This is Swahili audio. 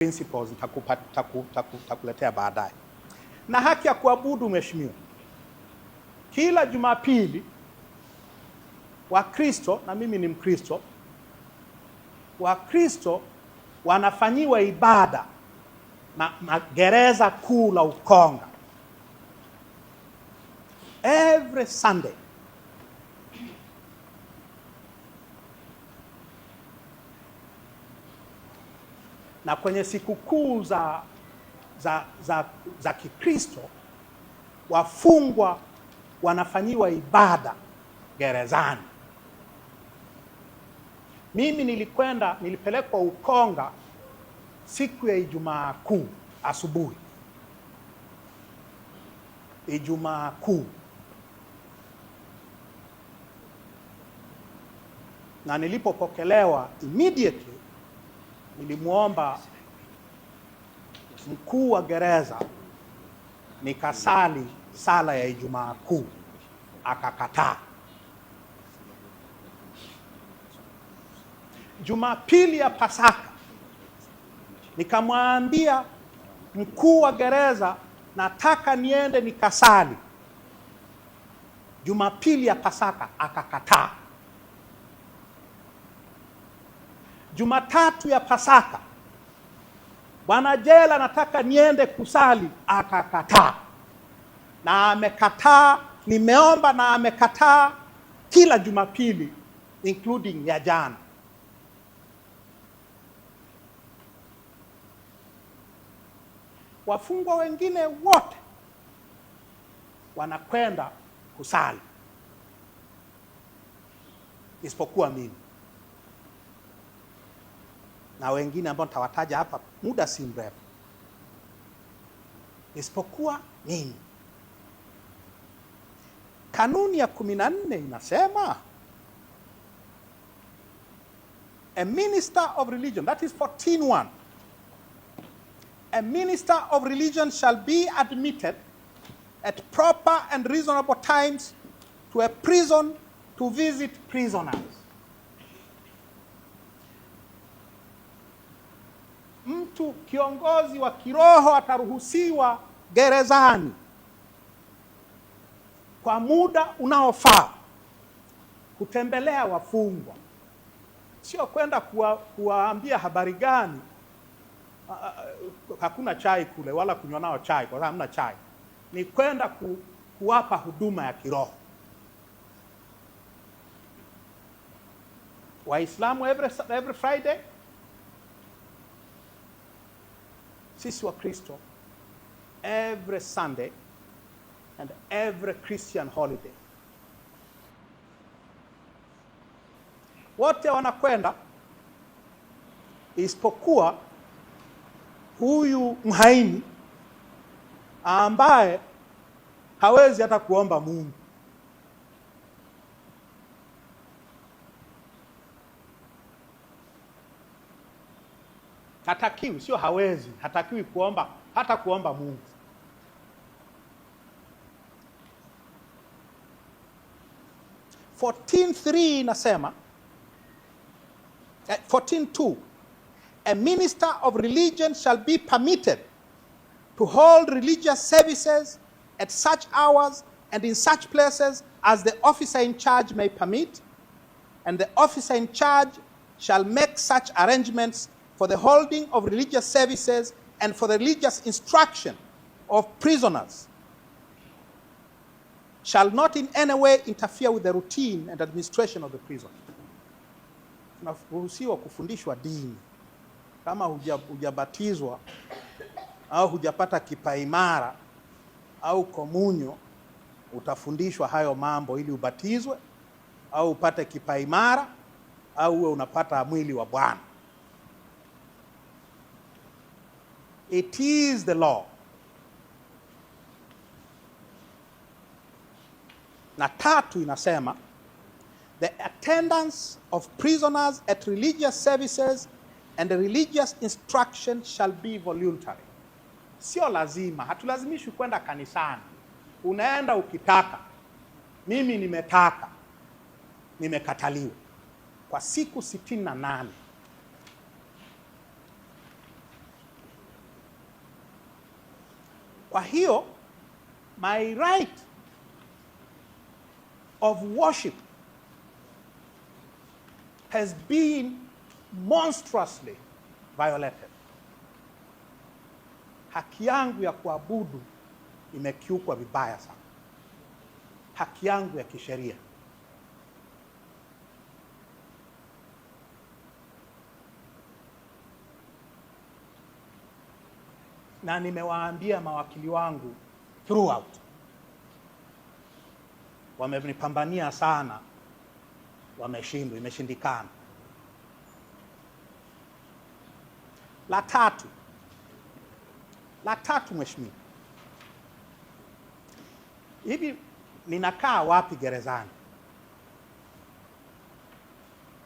principles nitakupa nitakuletea baadaye. Na haki ya kuabudu, mheshimiwa, kila Jumapili Wakristo na mimi ni Mkristo, Wakristo wanafanyiwa ibada na, magereza kuu la Ukonga every Sunday. na kwenye sikukuu za, za, za, za Kikristo wafungwa wanafanyiwa ibada gerezani. Mimi nilikwenda nilipelekwa Ukonga siku ya Ijumaa Kuu asubuhi, Ijumaa Kuu, na nilipopokelewa immediately nilimwomba mkuu wa gereza nikasali sala ya Ijumaa Kuu, akakataa. Jumapili ya Pasaka nikamwambia mkuu wa gereza nataka niende nikasali Jumapili ya Pasaka, akakataa. Jumatatu ya Pasaka, bwana jela nataka niende kusali, akakataa na amekataa. Nimeomba na amekataa kila Jumapili including ya jana. Wafungwa wengine wote wanakwenda kusali isipokuwa mimi na wengine ambao nitawataja hapa muda si mrefu, isipokuwa nini? Kanuni ya kumi na nne inasema a minister of religion that is 14.1 a minister of religion shall be admitted at proper and reasonable times to a prison to visit prisoners mtu kiongozi wa kiroho ataruhusiwa gerezani kwa muda unaofaa kutembelea wafungwa, sio kwenda kuwa, kuwaambia habari gani. Hakuna chai kule wala kunywa nao chai, kwa sababu hamna chai. Ni kwenda ku, kuwapa huduma ya kiroho. Waislamu every, every Friday sisi wa Kristo every Sunday and every Christian holiday wote wanakwenda isipokuwa huyu mhaini ambaye hawezi hata kuomba Mungu. hatakiwi, sio hawezi, hatakiwi kuomba hata kuomba Mungu. Inasema 14:2 eh, A minister of religion shall be permitted to hold religious services at such hours and in such places as the officer in charge may permit and the officer in charge shall make such arrangements for the holding of religious services and for the religious instruction of prisoners shall not in any way interfere with the routine and administration of the prison. Unaruhusiwa kufundishwa dini kama hujabatizwa au hujapata kipaimara au komunyo, utafundishwa hayo mambo ili ubatizwe au upate kipaimara au uwe unapata mwili wa Bwana. It is the law. Na tatu inasema the attendance of prisoners at religious services and the religious instruction shall be voluntary. Sio lazima, hatulazimishi kwenda kanisani. Unaenda ukitaka. Mimi nimetaka, nimekataliwa kwa siku sitini na nane. Kwa hiyo my right of worship has been monstrously violated. Haki yangu ya kuabudu imekiukwa vibaya sana, haki yangu ya kisheria. na nimewaambia mawakili wangu throughout, wamenipambania sana, wameshindwa, imeshindikana. La tatu, la tatu, mheshimiwa, hivi ninakaa wapi gerezani?